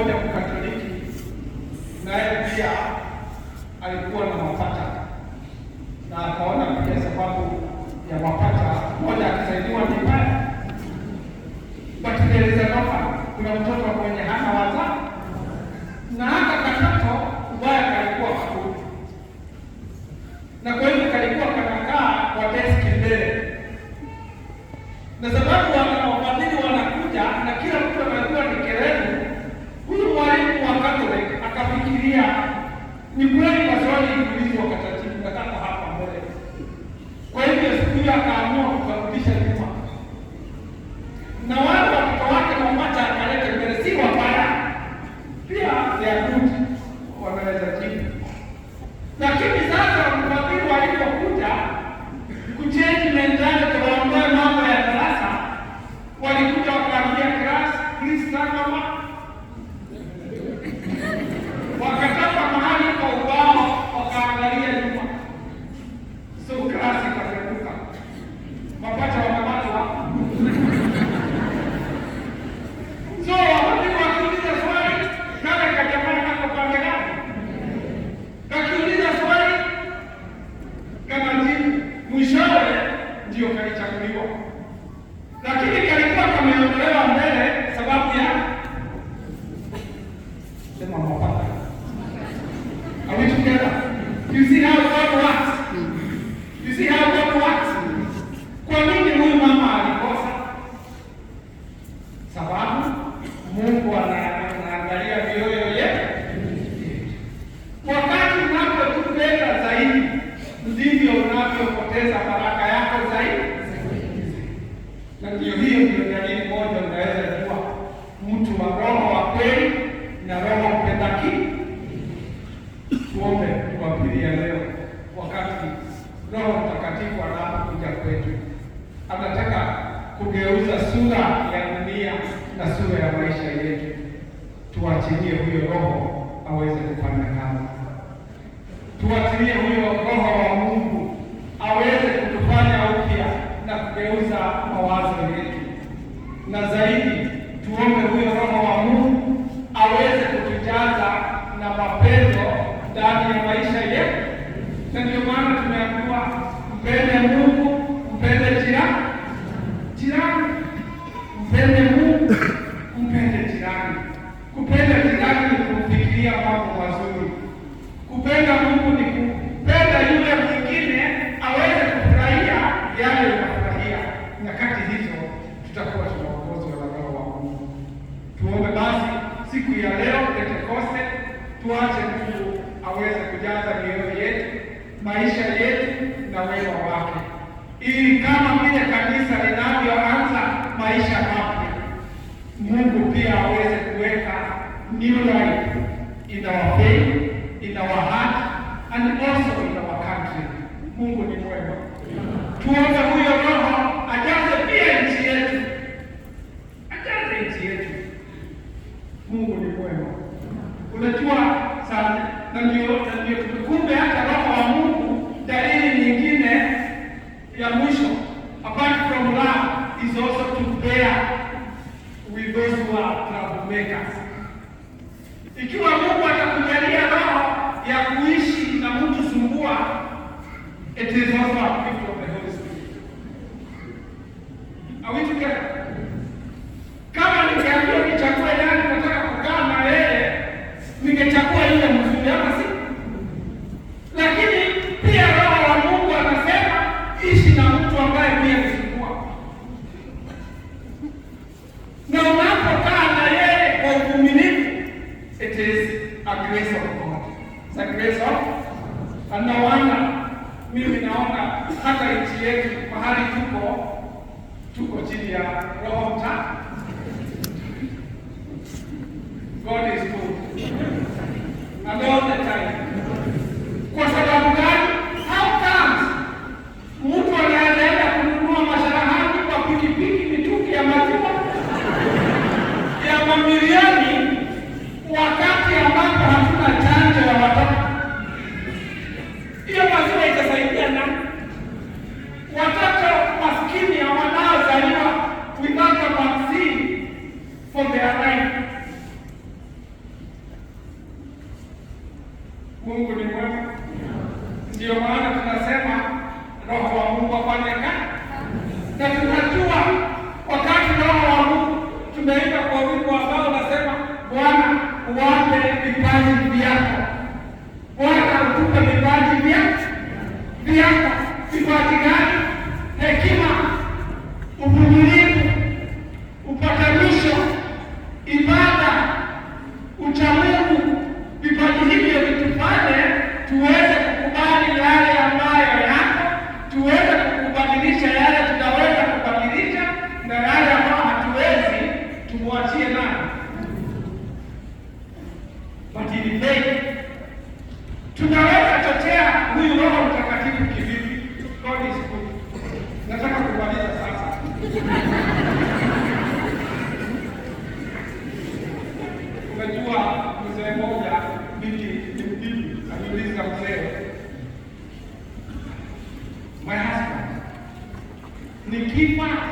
mmoja Mkatoliki naye pia alikuwa na mapata na akaona pia sababu ya mapata moja akisaidiwa nyumbani kutekeleza ndoa. Kuna mtoto mwenye hana wazazi na kulia. Ni kweli maswali iliulizwa wakati mkataba hapa mbele. Kwa hivyo siku akaamua mwishowe ndiyo kalichaguliwa, lakini kalikuwa kameondolewa mbele sababu ya kugeuza sura ya dunia na sura ya maisha yetu. Tuachilie huyo Roho aweze kufanya kazi, tuachilie huyo Roho wa Mungu aweze kutufanya upya na kugeuza mawazo yetu, na zaidi tuombe huyo Roho wa Mungu aweze kutujaza na mapendo ndani ya maisha yetu, na ndio maana tumeambiwa mbele ya Mungu jirani. Kupenda jirani ni kumfikiria mambo mazuri. Kupenda Mungu ni kupenda yule mwingine aweze kufurahia yale unafurahia. Nyakati hizo tutakuwa tunaongozwa na Roho wa Mungu. Tuombe basi siku ya leo Pentekoste, tuache Mungu aweze kujaza mioyo yetu, maisha yetu na wema wake, ili kama vile kanisa linavyoanza maisha hapa Mungu pia aweze kuweka new life in our faith, in our heart and also in our country. Mungu ni mwema. Tuombe It is not active tuko chini ya Roho Mtakatifu. God is good. zaidi, tunaweza chochea huyu Roho Mtakatifu kivipi? Nataka kumaliza sasa. Unajua, mzee mmoja mimi ni mbibi, mzee, my husband, nikifa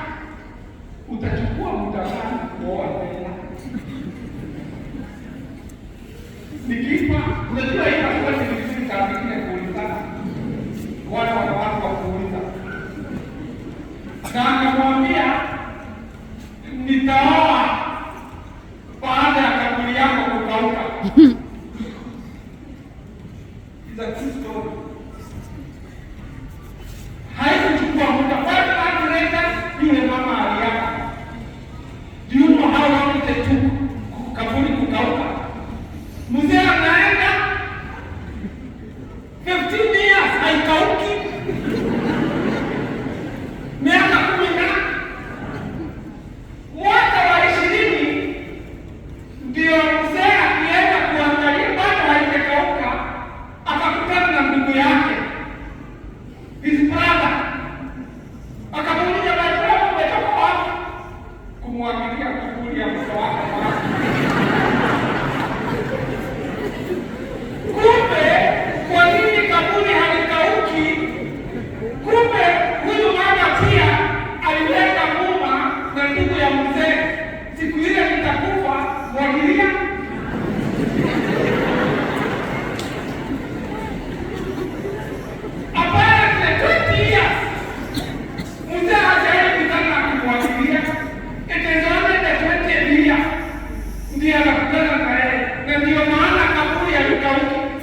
ndiye anakutana na yeye, na ndiyo maana kaburi ya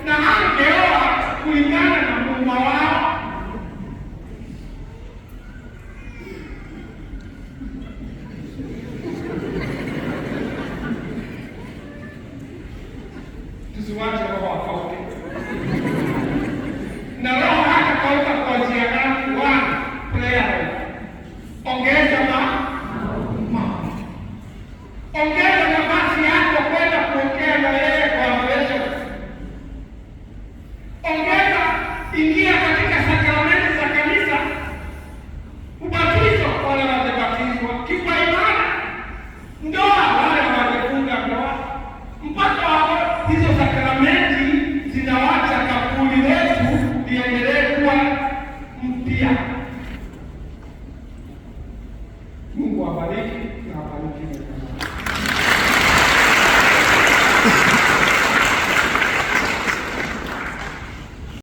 na angeoa kulingana na muuma wao. Tusiwache roho akauke na roho hata kwa njia